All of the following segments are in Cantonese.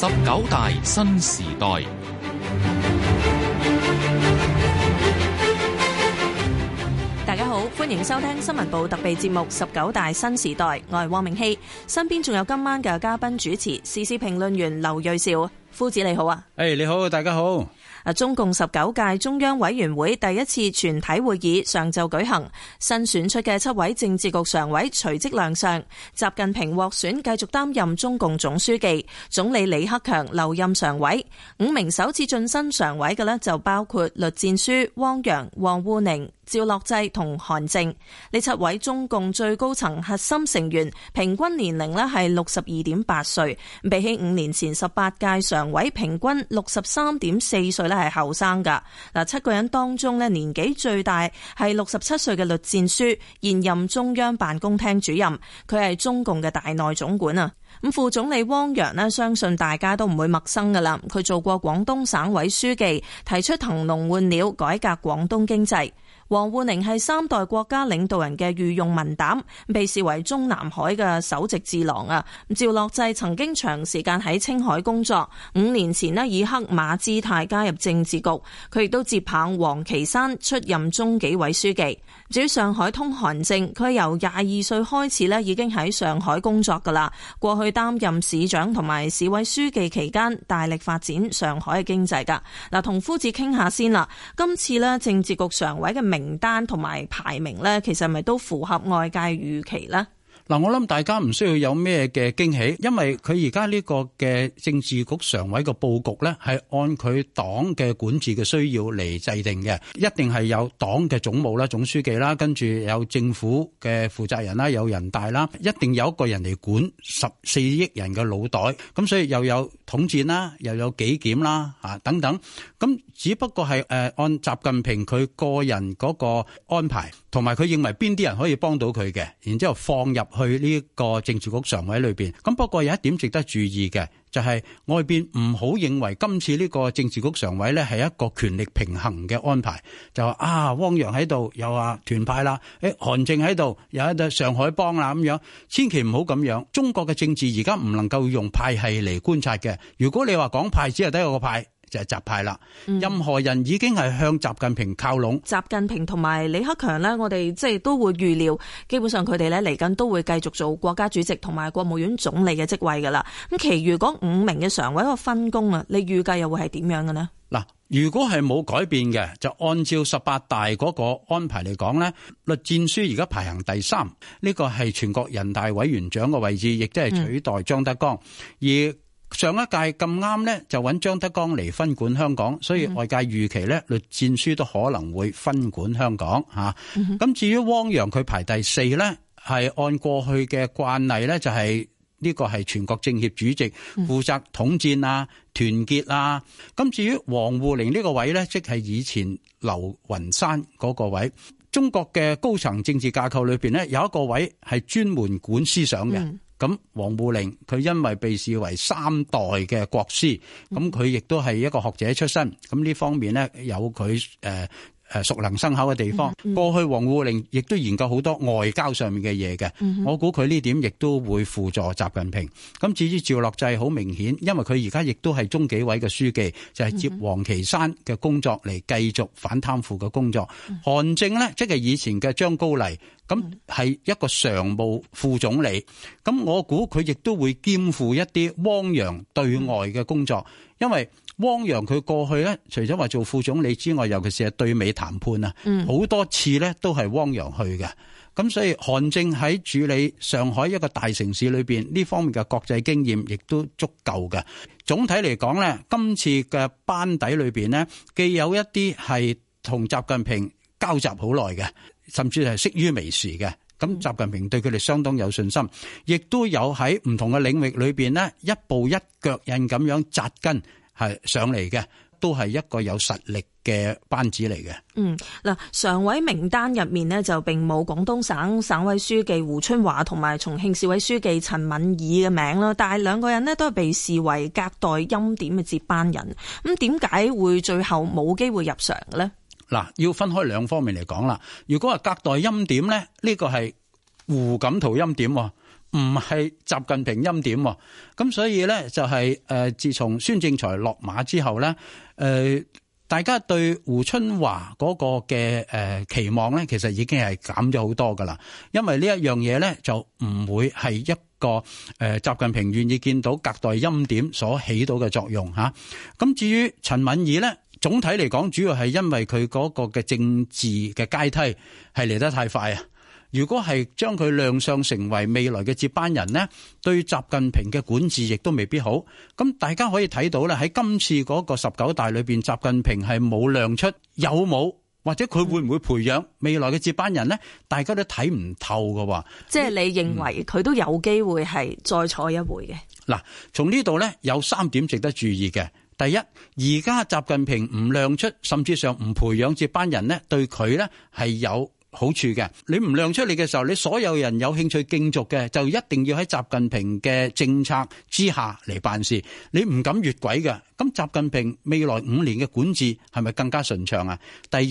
十九大新時代，大家好，歡迎收聽新聞部特備節目《十九大新時代》，我係汪明熙，身邊仲有今晚嘅嘉賓主持、時事評論員劉瑞兆，夫子你好啊，誒，hey, 你好，大家好。啊！中共十九屆中央委員會第一次全體會議上晝舉行，新選出嘅七位政治局常委隨即亮相，習近平獲選繼續擔任中共總書記，總理李克強留任常委，五名首次晉身常委嘅呢就包括栗戰書、汪洋、王滬寧。趙樂際同韓正呢七位中共最高層核心成員平均年齡咧係六十二點八歲，比起五年前十八屆常委平均六十三點四歲咧係後生噶嗱。七個人當中咧年紀最大係六十七歲嘅栗戰書，現任中央辦公廳主任，佢係中共嘅大內總管啊。咁，副總理汪洋咧相信大家都唔會陌生噶啦，佢做過廣東省委書記，提出騰籠換鳥改革廣東經濟。王滬寧係三代國家領導人嘅御用文膽，被視為中南海嘅首席智囊啊。趙樂際曾經長時間喺青海工作，五年前呢以黑馬姿態加入政治局，佢亦都接棒王岐山出任中紀委書記。至於上海通韓正，佢由廿二歲開始呢，已經喺上海工作噶啦。過去擔任市長同埋市委書記期間，大力發展上海嘅經濟噶。嗱，同夫子傾下先啦。今次呢政治局常委嘅名單同埋排名呢，其實係咪都符合外界預期呢？嗱，我諗大家唔需要有咩嘅驚喜，因為佢而家呢個嘅政治局常委嘅佈局呢，係按佢黨嘅管治嘅需要嚟制定嘅，一定係有黨嘅總務啦、總書記啦，跟住有政府嘅負責人啦、有人大啦，一定有一個人嚟管十四億人嘅腦袋，咁所以又有統戰啦，又有紀檢啦，等等。咁只不過係誒按習近平佢個人嗰個安排，同埋佢認為邊啲人可以幫到佢嘅，然之後放入去呢個政治局常委裏邊。咁不過有一點值得注意嘅，就係外邊唔好認為今次呢個政治局常委呢係一個權力平衡嘅安排。就話啊，汪洋喺度，又啊團派啦，誒韓正喺度，又啊上海幫啦咁樣，千祈唔好咁樣。中國嘅政治而家唔能夠用派系嚟觀察嘅。如果你話講派，只係得一個派。就係習派啦，嗯、任何人已經係向習近平靠攏。習近平同埋李克強呢，我哋即係都會預料，基本上佢哋呢嚟緊都會繼續做國家主席同埋國務院總理嘅職位噶啦。咁其餘嗰五名嘅常委個分工啊，你預計又會係點樣嘅呢？嗱，如果係冇改變嘅，就按照十八大嗰個安排嚟講呢，栗戰書而家排行第三，呢個係全國人大委員長嘅位置，亦都係取代張德江、嗯、而。上一屆咁啱呢，就揾張德江嚟分管香港，所以外界預期呢，栗戰書都可能會分管香港吓。咁至於汪洋，佢排第四呢，係按過去嘅慣例呢、就是，就係呢個係全國政協主席，負責統戰啊、團結啊。咁至於王滬寧呢個位呢，即係以前劉雲山嗰個位，中國嘅高層政治架構裏邊呢，有一個位係專門管思想嘅。咁王滬寧佢因為被視為三代嘅國師，咁佢亦都係一個學者出身，咁呢方面咧有佢誒。呃誒熟能生巧嘅地方，過去王滬寧亦都研究好多外交上面嘅嘢嘅，我估佢呢點亦都會輔助習近平。咁至於趙樂際，好明顯，因為佢而家亦都係中紀委嘅書記，就係、是、接王岐山嘅工作嚟繼續反貪腐嘅工作。韓正呢，即、就、係、是、以前嘅張高麗，咁係一個常務副總理，咁我估佢亦都會肩負一啲汪洋對外嘅工作，因為，汪洋佢過去咧，除咗話做副總理之外，尤其是係對美談判啊，嗯、好多次咧都係汪洋去嘅。咁所以，韓正喺處理上海一個大城市裏面呢方面嘅國際經驗，亦都足夠嘅。總體嚟講咧，今次嘅班底裏面呢，既有一啲係同習近平交集好耐嘅，甚至係識於微時嘅。咁習近平對佢哋相當有信心，亦都有喺唔同嘅領域裏面呢，一步一腳印咁樣紮根。係上嚟嘅，都係一個有實力嘅班子嚟嘅。嗯，嗱，常委名單入面呢，就並冇廣東省省委書記胡春華同埋重慶市委書記陳敏爾嘅名啦，但係兩個人呢，都係被視為隔代欽點嘅接班人。咁點解會最後冇機會入常呢？嗱、嗯，要分開兩方面嚟講啦。如果係隔代欽點呢，呢、呢個係胡錦濤欽點喎。唔係習近平欽點，咁所以咧就係誒，自從孫政才落馬之後咧，誒，大家對胡春華嗰個嘅誒期望咧，其實已經係減咗好多噶啦，因為呢一樣嘢咧就唔會係一個誒習近平願意見到隔代欽點所起到嘅作用吓。咁至於陳敏爾咧，總體嚟講，主要係因為佢嗰個嘅政治嘅階梯係嚟得太快啊。如果係將佢亮相成為未來嘅接班人呢，對習近平嘅管治亦都未必好。咁大家可以睇到咧，喺今次嗰個十九大裏邊，習近平係冇亮出，有冇或者佢會唔會培養未來嘅接班人呢，大家都睇唔透㗎話，即係你認為佢都有機會係再坐一回嘅。嗱、嗯，從呢度呢，有三點值得注意嘅。第一，而家習近平唔亮出，甚至上唔培養接班人呢對佢呢係有。好處嘅，你唔亮出嚟嘅時候，你所有人有興趣競逐嘅，就一定要喺習近平嘅政策之下嚟辦事，你唔敢越軌嘅，咁習近平未來五年嘅管治係咪更加順暢啊？第二，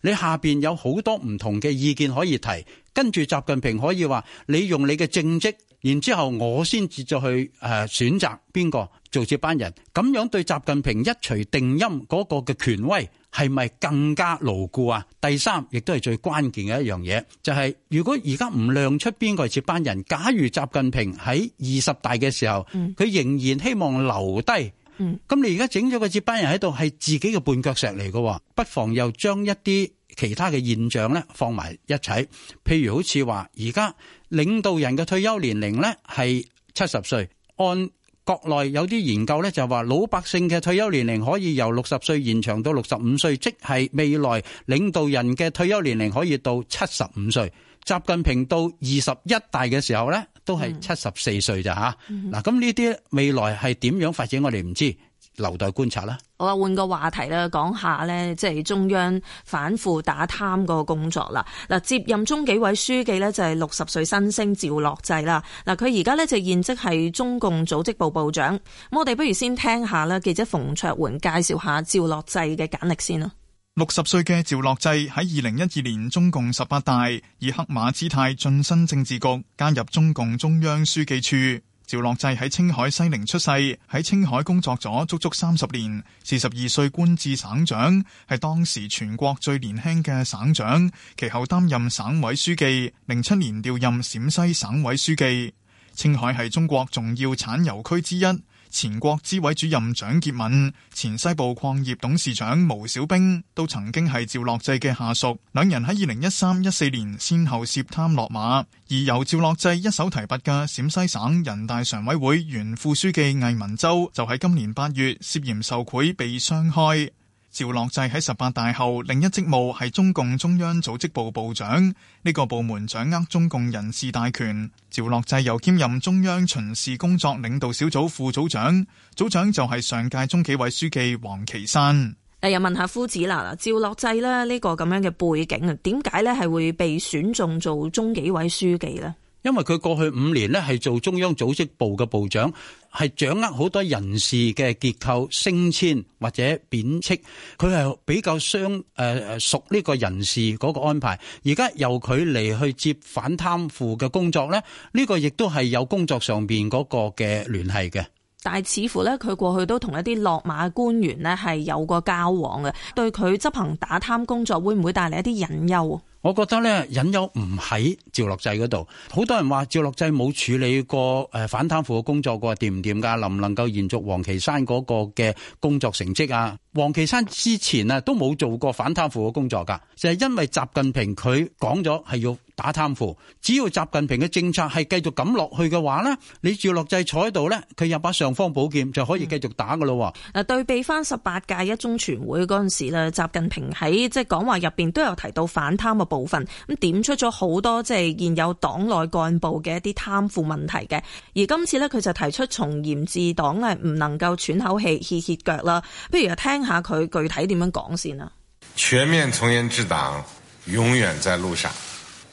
你下邊有好多唔同嘅意見可以提，跟住習近平可以話，你用你嘅政績。然之後我先至再去誒選擇邊個做接班人，咁樣對習近平一錘定音嗰個嘅權威係咪更加牢固啊？第三亦都係最關鍵嘅一樣嘢，就係、是、如果而家唔亮出邊個係接班人，假如習近平喺二十大嘅時候，佢仍然希望留低，咁、嗯、你而家整咗個接班人喺度係自己嘅絆腳石嚟嘅，不妨又將一啲其他嘅現象咧放埋一齊，譬如好似話而家。領導人嘅退休年齡呢係七十歲，按國內有啲研究呢就話老百姓嘅退休年齡可以由六十歲延長到六十五歲，即係未來領導人嘅退休年齡可以到七十五歲。習近平到二十一大嘅時候呢都係七十四歲咋吓？嗱，咁呢啲未來係點樣發展，我哋唔知。留待觀察啦。好啦，換個話題啦，講下呢，即係中央反腐打貪個工作啦。嗱，接任中紀委書記呢，就係六十歲新星趙樂際啦。嗱，佢而家呢，就現職係中共組織部部長。咁我哋不如先聽下啦，記者馮卓媛介紹下趙樂際嘅簡歷先啦。六十歲嘅趙樂際喺二零一二年中共十八大以黑馬姿態晉身政治局，加入中共中央書記處。趙樂際喺青海西寧出世，喺青海工作咗足足三十年，四十二歲官至省長，係當時全國最年輕嘅省長。其後擔任省委書記，零七年調任陝西省委書記。青海係中國重要產油區之一。前國資委主任蔣潔敏、前西部礦業董事長毛小兵都曾經係趙樂際嘅下屬，兩人喺二零一三一四年先後涉貪落馬，而由趙樂際一手提拔嘅陝西省人大常委會原副書記魏民洲就喺今年八月涉嫌受賄被雙開。趙樂際喺十八大後，另一職務係中共中央組織部部長，呢個部門掌握中共人事大權。趙樂際又兼任中央巡視工作領導小組副組長，組長就係上屆中紀委書記王岐山。誒，又問下夫子啦，趙樂際咧呢個咁樣嘅背景啊，點解咧係會被選中做中紀委書記呢？因為佢過去五年咧係做中央組織部嘅部長，係掌握好多人事嘅結構升遷或者貶斥，佢係比較相誒、呃、熟呢個人事嗰個安排。而家由佢嚟去接反貪腐嘅工作咧，呢個亦都係有工作上邊嗰個嘅聯繫嘅。但係似乎咧，佢過去都同一啲落馬官員呢係有過交往嘅，對佢執行打貪工作會唔會帶嚟一啲隱憂？我覺得咧，隱憂唔喺趙樂際嗰度。好多人話趙樂際冇處理過誒反貪腐嘅工作過，掂唔掂噶，能唔能夠延續王岐山嗰個嘅工作成績啊？王岐山之前啊都冇做過反貪腐嘅工作噶，就係、是、因為習近平佢講咗係要。打貪腐，只要習近平嘅政策係繼續咁落去嘅話呢，你趙樂際坐喺度呢，佢又把尚方寶劍就可以繼續打噶咯。嗱，對比翻十八屆一中全會嗰陣時呢，習近平喺即係講話入邊都有提到反貪嘅部分，咁點出咗好多即係現有黨內幹部嘅一啲貪腐問題嘅。而今次呢，佢就提出從嚴治黨呢唔能夠喘口氣、歇歇腳啦。不如就聽下佢具體點樣講先啊。全面從嚴治黨永遠在路上。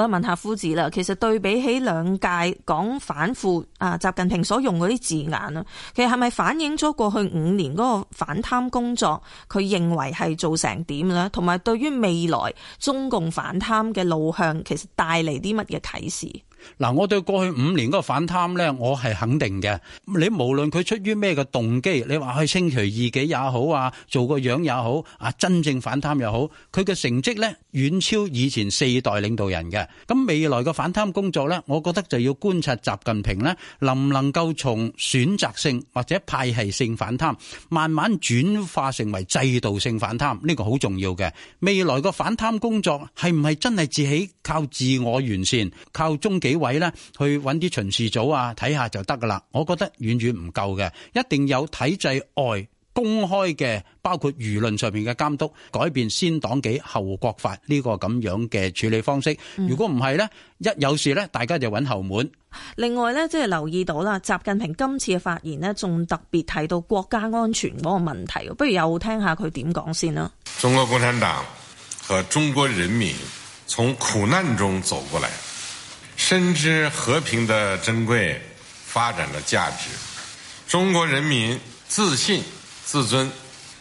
我問下夫子啦，其實對比起兩屆講反腐啊，習近平所用嗰啲字眼啊，其實係咪反映咗過去五年嗰個反貪工作，佢認為係做成點呢？同埋對於未來中共反貪嘅路向，其實帶嚟啲乜嘢啟示？嗱，我對過去五年嗰個反貪咧，我係肯定嘅。你無論佢出於咩嘅動機，你話去清除異己也好啊，做個樣也好啊，真正反貪又好，佢嘅成績咧遠超以前四代領導人嘅。咁未來個反貪工作咧，我覺得就要觀察習近平咧，能唔能夠從選擇性或者派系性反貪慢慢轉化成為制度性反貪，呢個好重要嘅。未來個反貪工作係唔係真係自己靠自我完善，靠終極？幾位呢去揾啲巡視組啊睇下就得噶啦，我覺得遠遠唔夠嘅，一定有體制外公開嘅，包括輿論上面嘅監督，改變先黨紀後國法呢個咁樣嘅處理方式。如果唔係呢一有事呢大家就揾後門。另外呢，即係留意到啦，習近平今次嘅發言呢仲特別提到國家安全嗰個問題，不如又聽下佢點講先啦。中國共產黨，和中國人民從苦難中走過來。深知和平的珍貴，發展的價值。中國人民自信自尊，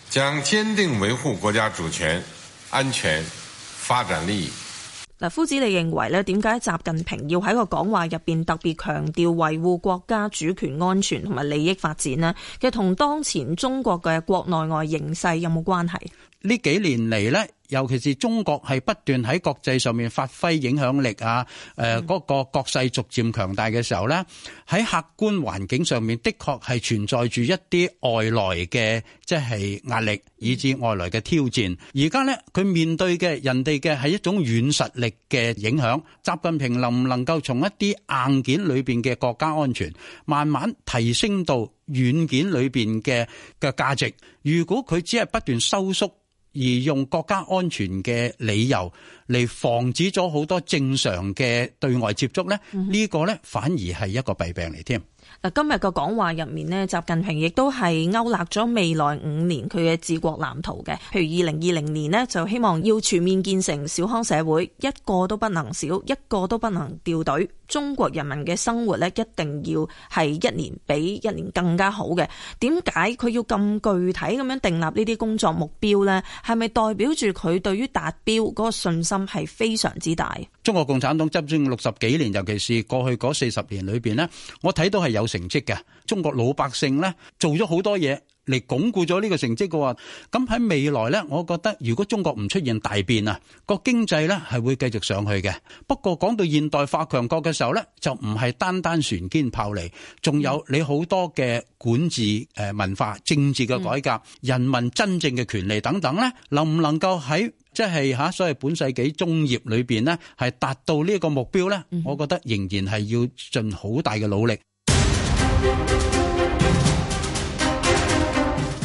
將堅定維護國家主權、安全、發展利益。嗱，夫子你認為咧？點解習近平要喺個講話入邊特別強調維護國家主權、安全同埋利益發展咧？其實同當前中國嘅國內外形勢有冇關係？呢幾年嚟咧？尤其是中國係不斷喺國際上面發揮影響力啊，誒、那、嗰個國勢逐漸強大嘅時候呢，喺客觀環境上面，的確係存在住一啲外來嘅即係壓力，以至外來嘅挑戰。而家呢，佢面對嘅人哋嘅係一種軟實力嘅影響。習近平能唔能夠從一啲硬件裏面嘅國家安全，慢慢提升到軟件裏面嘅嘅價值？如果佢只係不斷收縮，而用國家安全嘅理由嚟防止咗好多正常嘅對外接觸呢，呢、嗯、哼個呢反而係一個弊病嚟添。嗱，今日嘅講話入面呢，習近平亦都係勾勒咗未來五年佢嘅治國藍圖嘅，譬如二零二零年呢，就希望要全面建成小康社會，一個都不能少，一個都不能掉隊。中國人民嘅生活呢，一定要係一年比一年更加好嘅。點解佢要咁具體咁樣訂立呢啲工作目標呢？係咪代表住佢對於達標嗰個信心係非常之大？中國共產黨執政六十幾年，尤其是過去嗰四十年裏邊呢，我睇到係有成績嘅。中國老百姓呢，做咗好多嘢。嚟鞏固咗呢個成績嘅話，咁喺未來呢，我覺得如果中國唔出現大變啊，個經濟呢係會繼續上去嘅。不過講到現代化強國嘅時候呢，就唔係單單船堅炮利，仲有你好多嘅管治、誒、文化、政治嘅改革、嗯、人民真正嘅權利等等呢，能唔能夠喺即係吓所謂本世紀中葉裏面呢，係達到呢個目標呢？我覺得仍然係要盡好大嘅努力。嗯。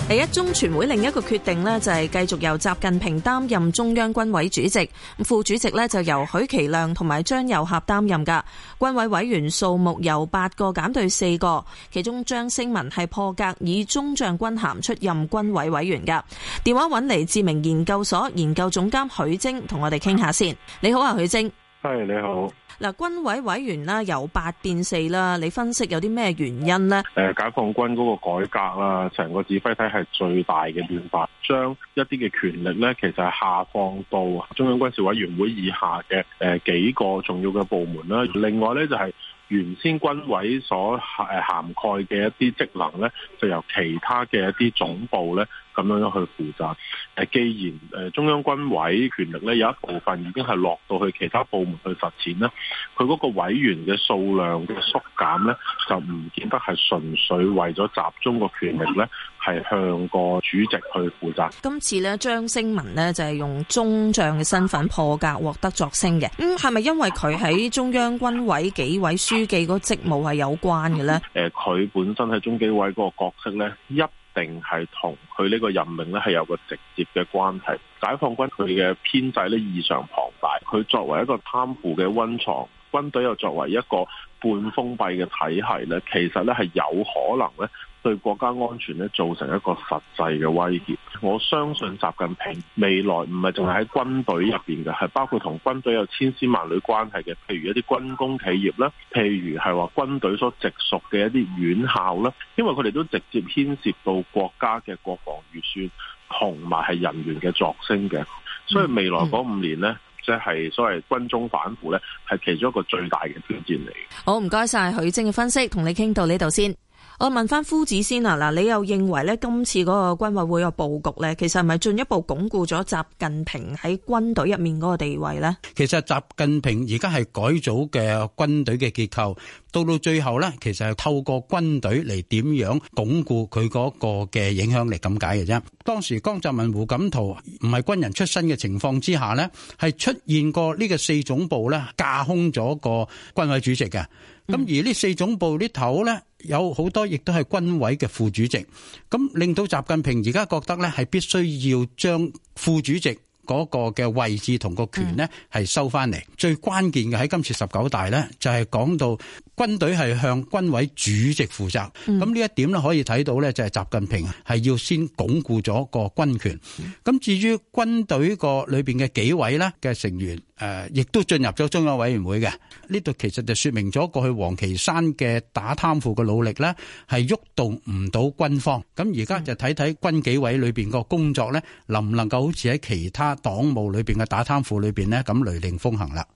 第一中全會另一個決定呢就係繼續由習近平擔任中央軍委主席，副主席呢就由許其亮同埋張又俠擔任噶。軍委委員數目由八個減到四個，其中張星文係破格以中將軍銜出任軍委委員噶。電話搵嚟，智明研究所研究總監許晶同我哋傾下先。你好啊，許晶。係，你好，嗱，軍委委員啦，由八變四啦，你分析有啲咩原因咧？誒，解放軍嗰個改革啊，成個指揮體系是最大嘅變化，將一啲嘅權力咧，其實係下放到中央軍事委員會以下嘅誒幾個重要嘅部門啦。另外咧就係原先軍委所誒涵蓋嘅一啲職能咧，就由其他嘅一啲總部咧。咁樣去負責。既然中央軍委權力咧有一部分已經係落到去其他部門去實踐啦，佢嗰個委員嘅數量嘅縮減咧，就唔見得係純粹為咗集中個權力咧，係向個主席去負責。今次咧，張星文咧就係、是、用中將嘅身份破格獲得擢升嘅。嗯，係咪因為佢喺中央軍委紀委書記嗰職務係有關嘅咧？佢、呃、本身喺中紀委嗰個角色咧一。定係同佢呢個任命咧係有個直接嘅關係。解放軍佢嘅編制咧異常龐大，佢作為一個貪腐嘅溫床，軍隊又作為一個半封閉嘅體系咧，其實咧係有可能咧，對國家安全咧造成一個實際嘅威脅，我相信習近平未來唔係淨係喺軍隊入邊嘅，係包括同軍隊有千絲萬縷關係嘅，譬如一啲軍工企業啦，譬如係話軍隊所直屬嘅一啲院校啦，因為佢哋都直接牽涉到國家嘅國防預算同埋係人員嘅擢升嘅，所以未來嗰五年呢，即係、嗯、所謂軍中反腐呢，係其中一個最大嘅挑戰嚟嘅。好，唔該晒許晶嘅分析，同你傾到呢度先。我問翻夫子先啊！嗱，你又認為咧今次嗰個軍委會嘅布局咧，其實係咪進一步鞏固咗習近平喺軍隊入面嗰個地位呢？其實習近平而家係改組嘅軍隊嘅結構，到到最後呢，其實係透過軍隊嚟點樣鞏固佢嗰個嘅影響力咁解嘅啫。當時江澤民、胡錦濤唔係軍人出身嘅情況之下呢，係出現過呢個四總部呢架空咗個軍委主席嘅。咁而呢四總部啲頭呢？有好多亦都係軍委嘅副主席，咁令到習近平而家覺得咧係必須要將副主席，嗰個嘅位置同個權咧係收翻嚟，最關鍵嘅喺今次十九大咧，就係講到軍隊係向軍委主席負責，咁呢一點咧可以睇到咧就係習近平啊係要先鞏固咗個軍權。咁至於軍隊個裏邊嘅幾位咧嘅成員，誒亦都進入咗中央委員會嘅，呢度其實就説明咗過去王岐山嘅打貪腐嘅努力咧係喐動唔到軍方。咁而家就睇睇軍紀委裏邊個工作咧，能唔能夠好似喺其他？黨務裏邊嘅打貪腐裏邊咧，咁雷厲風行啦。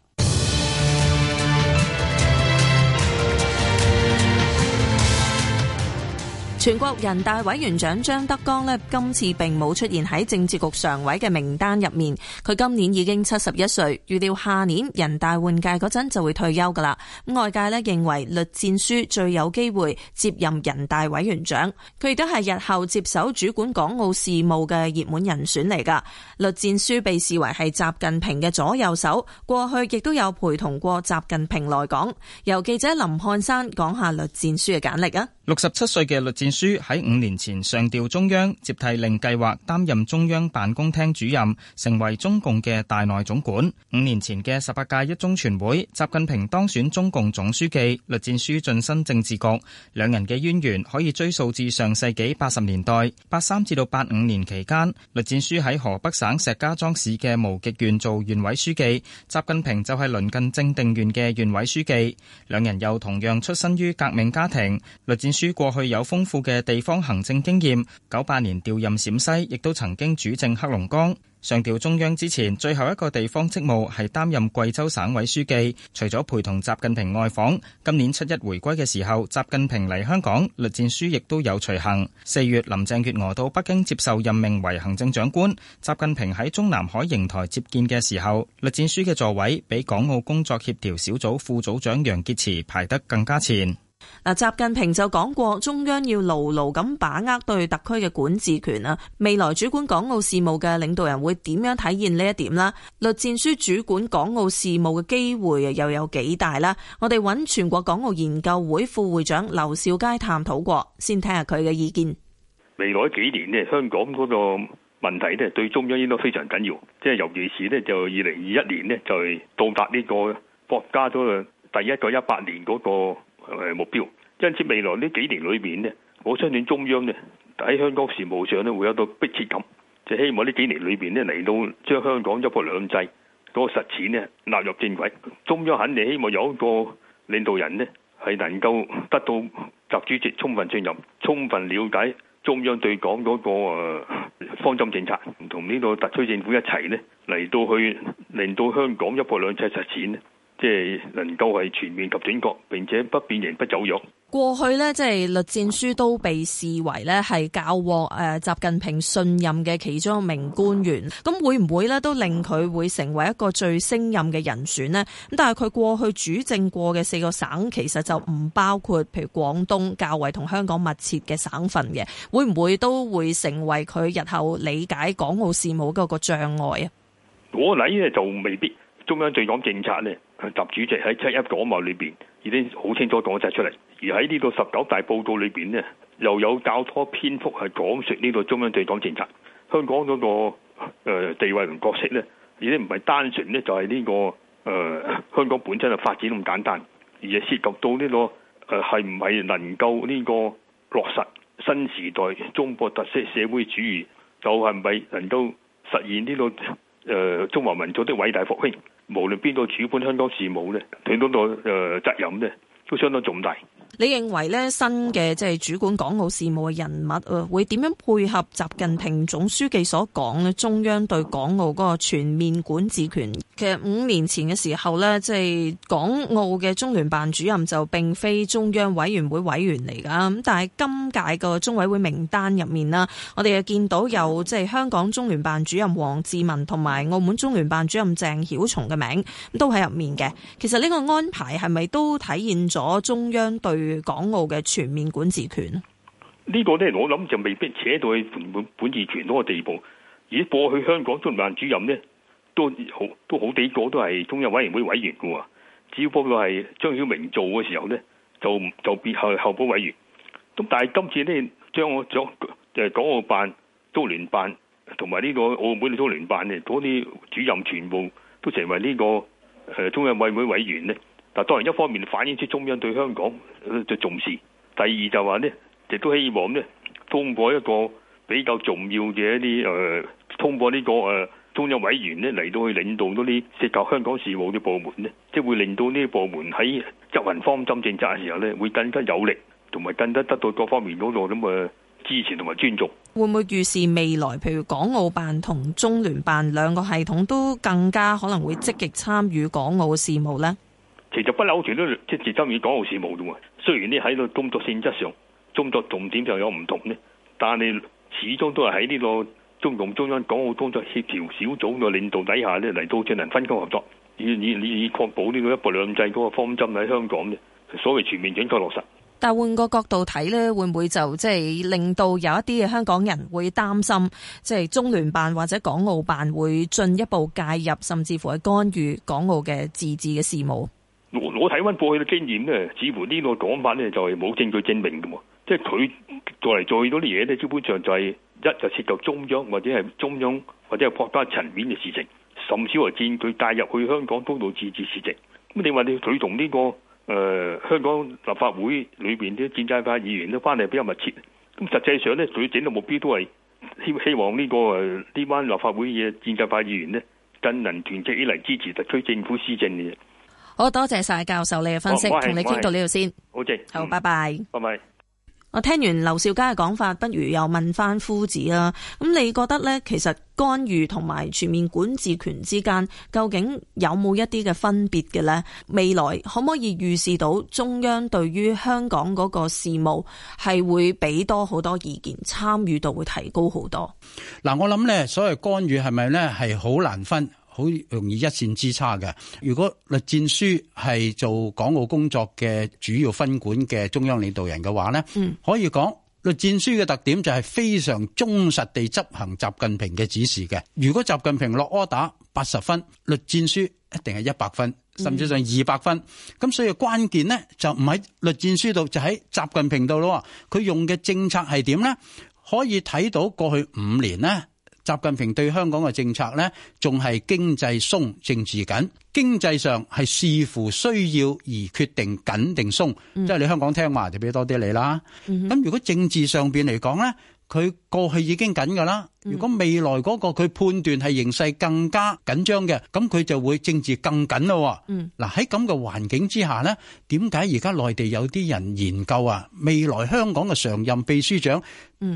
全國人大委員長張德江呢，今次並冇出現喺政治局常委嘅名單入面。佢今年已經七十一歲，預料下年人大換屆嗰陣就會退休㗎啦。外界咧認為栗戰書最有機會接任人大委員長，佢亦都係日後接手主管港澳事務嘅熱門人選嚟㗎。栗戰書被視為係習近平嘅左右手，過去亦都有陪同過習近平來港。由記者林漢山講下栗戰書嘅簡歷啊。六十七歲嘅栗戰書。書喺五年前上調中央，接替令計劃擔任中央辦公廳主任，成為中共嘅大內總管。五年前嘅十八屆一中全會，習近平當選中共總書記，栗戰書晉身政治局。兩人嘅淵源可以追溯至上世紀八十年代，八三至到八五年期間，栗戰書喺河北省石家莊市嘅無極縣做縣委書記，習近平就係鄰近正定縣嘅縣委書記。兩人又同樣出身於革命家庭，栗戰書過去有豐富。嘅地方行政經驗，九八年調任陝西，亦都曾經主政黑龍江。上調中央之前，最後一個地方職務係擔任貴州省委書記。除咗陪同習近平外訪，今年七一回歸嘅時候，習近平嚟香港，栗戰書亦都有隨行。四月，林鄭月娥到北京接受任命為行政長官，習近平喺中南海瀛台接見嘅時候，栗戰書嘅座位比港澳工作協調小組副組長楊潔篪排得更加前。嗱，習近平就講過，中央要牢牢咁把握對特區嘅管治權啦。未來主管港澳事務嘅領導人會點樣體現呢一點咧？栗戰書主管港澳事務嘅機會又有幾大咧？我哋揾全國港澳研究會副會長劉少佳探討過，先聽下佢嘅意見。未來幾年咧，香港嗰個問題咧，對中央應該非常緊要。即係尤其是咧，就二零二一年咧，就到達呢個國家咗第一個一百年嗰個。誒目標，因此未來呢幾年裏邊咧，我相信中央咧喺香港事務上咧會有個迫切感，就希望呢幾年裏邊咧嚟到將香港一國兩制嗰個實踐咧納入正軌。中央肯定希望有一個領導人咧係能夠得到習主席充分信任、充分瞭解中央對港嗰個誒方針政策，同呢個特區政府一齊咧嚟到去令到香港一國兩制實踐咧。即係能夠係全面及準確並且不變形不走樣。過去呢，即、就、係、是、栗戰書都被視為呢係較獲誒習近平信任嘅其中一名官員。咁會唔會呢，都令佢會成為一個最升任嘅人選呢？咁但係佢過去主政過嘅四個省，其實就唔包括譬如廣東較為同香港密切嘅省份嘅，會唔會都會成為佢日後理解港澳事務嘅個障礙啊？我諗呢，就未必，中央對港政策呢。習主席喺七一講話裏邊已經好清楚講晒出嚟，而喺呢個十九大報告裏邊呢，又有較多篇幅係講述呢個中央對港政策。香港嗰、那個、呃、地位同角色呢，已經唔係單純呢、這個，就係呢個誒香港本身嘅發展咁簡單，而係涉及到呢、這個誒係唔係能夠呢個落實新時代中國特色社會主義，就係唔係能夠實現呢、這個誒、呃、中華民族的偉大復興。無論邊個主管香港事務呢，對香港嘅責任呢，都相當重大。你認為呢新嘅即係主管港澳事務嘅人物啊，會點樣配合習近平總書記所講咧？中央對港澳嗰個全面管治權。其實五年前嘅時候呢即係港澳嘅中聯辦主任就並非中央委員會委員嚟㗎。咁但係今屆個中委會名單入面啦，我哋又見到有即係香港中聯辦主任王志民同埋澳門中聯辦主任鄭曉松嘅名，都喺入面嘅。其實呢個安排係咪都體現咗中央對去港澳嘅全面管治權呢個咧，我諗就未必扯到去管治權嗰個地步。而過去香港中聯辦主任呢，都好都好幾個都係中央委員會委員嘅。只要不過係張曉明做嘅時候咧，就就變係候補委員。咁但係今次呢，將我將誒港澳辦、中聯辦同埋呢個澳門中聯辦呢，嗰啲主任全部都成為呢個誒中央委員會委員呢。嗱，但當然一方面反映出中央對香港嘅重視。第二就話呢，亦都希望呢，通過一個比較重要嘅一啲誒，通過呢個誒中央委員咧嚟到去領導嗰啲涉及香港事務嘅部門咧，即係會令到呢啲部門喺執行方針政策嘅時候呢，會更加有力，同埋更加得到各方面嗰度咁嘅支持同埋尊重。會唔會預示未來，譬如港澳辦同中聯辦兩個系統都更加可能會積極參與港澳事務呢？其實不嬲，全都即係直接參與港澳事務嘅。雖然呢，喺個工作性質上、工作重點上有唔同，但係始終都係喺呢個中共中央港澳工作協調小組嘅領導底下咧嚟到進行分工合作，以以以確保呢個一國兩制嗰個方針喺香港，所謂全面準確落實。但換個角度睇呢，會唔會就即係令到有一啲嘅香港人會擔心，即係中聯辦或者港澳辦會進一步介入，甚至乎係干預港澳嘅自治嘅事務？我睇翻過去嘅經驗咧，似乎這個呢個講法咧就係、是、冇證據證明嘅喎。即係佢做嚟做到啲嘢咧，基本上就係一就涉及中央或者係中央或者係國家層面嘅事情，甚至乎佔據帶入去香港高度自治事情。咁你話你佢同呢個誒、呃、香港立法會裏邊啲戰爭派議員都關係比較密切，咁實際上咧佢整個目標都係希希望呢、這個誒呢班立法會嘅戰爭派議員咧更能團結起嚟支持特區政府施政嘅。好多謝晒教授你嘅分析，同你傾到呢度先。好棒，再好，拜拜。嗯、拜拜。我聽完劉兆佳嘅講法，不如又問翻夫子啦。咁你覺得呢？其實干預同埋全面管治權之間，究竟有冇一啲嘅分別嘅呢？未來可唔可以預示到中央對於香港嗰個事務係會俾多好多意見，參與度會提高好多？嗱，我諗呢，所謂干預係咪呢？係好難分。好容易一線之差嘅。如果栗戰書係做港澳工作嘅主要分管嘅中央領導人嘅話咧，嗯、可以講栗戰書嘅特點就係非常忠實地執行習近平嘅指示嘅。如果習近平落柯打八十分，栗戰書一定係一百分，甚至上二百分。咁、嗯、所以關鍵咧就唔喺栗戰書度，就喺習近平度咯。佢用嘅政策係點咧？可以睇到過去五年咧。習近平對香港嘅政策呢，仲係經濟鬆，政治緊。經濟上係視乎需要而決定緊定鬆，嗯、即係你香港聽話就俾多啲你啦。咁、嗯、哼如果政治上面嚟講呢，佢過去已經緊㗎啦。如果未來嗰個佢判斷係形勢更加緊張嘅，咁佢就會政治更緊咯。嗱喺咁嘅環境之下呢，點解而家內地有啲人研究啊？未來香港嘅常任秘書長，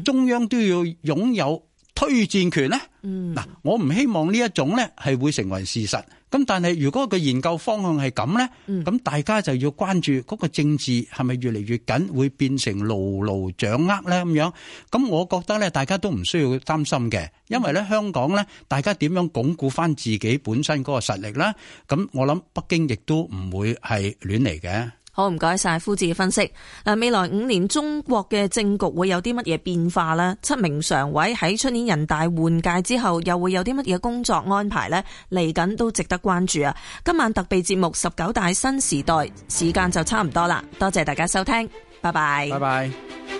中央都要擁有推薦權呢，嗱、嗯，我唔希望呢一種呢係會成為事實。咁但係如果個研究方向係咁呢，咁、嗯、大家就要關注嗰個政治係咪越嚟越緊，會變成牢牢掌握呢？咁樣。咁我覺得呢，大家都唔需要擔心嘅，因為呢，香港呢，大家點樣鞏固返自己本身嗰個實力啦。咁我諗北京亦都唔會係亂嚟嘅。好，唔該晒夫子嘅分析。嗱，未來五年中國嘅政局會有啲乜嘢變化呢？七名常委喺出年人大換屆之後，又會有啲乜嘢工作安排呢？嚟緊都值得關注啊！今晚特備節目《十九大新時代》，時間就差唔多啦，多謝大家收聽，拜拜，拜拜。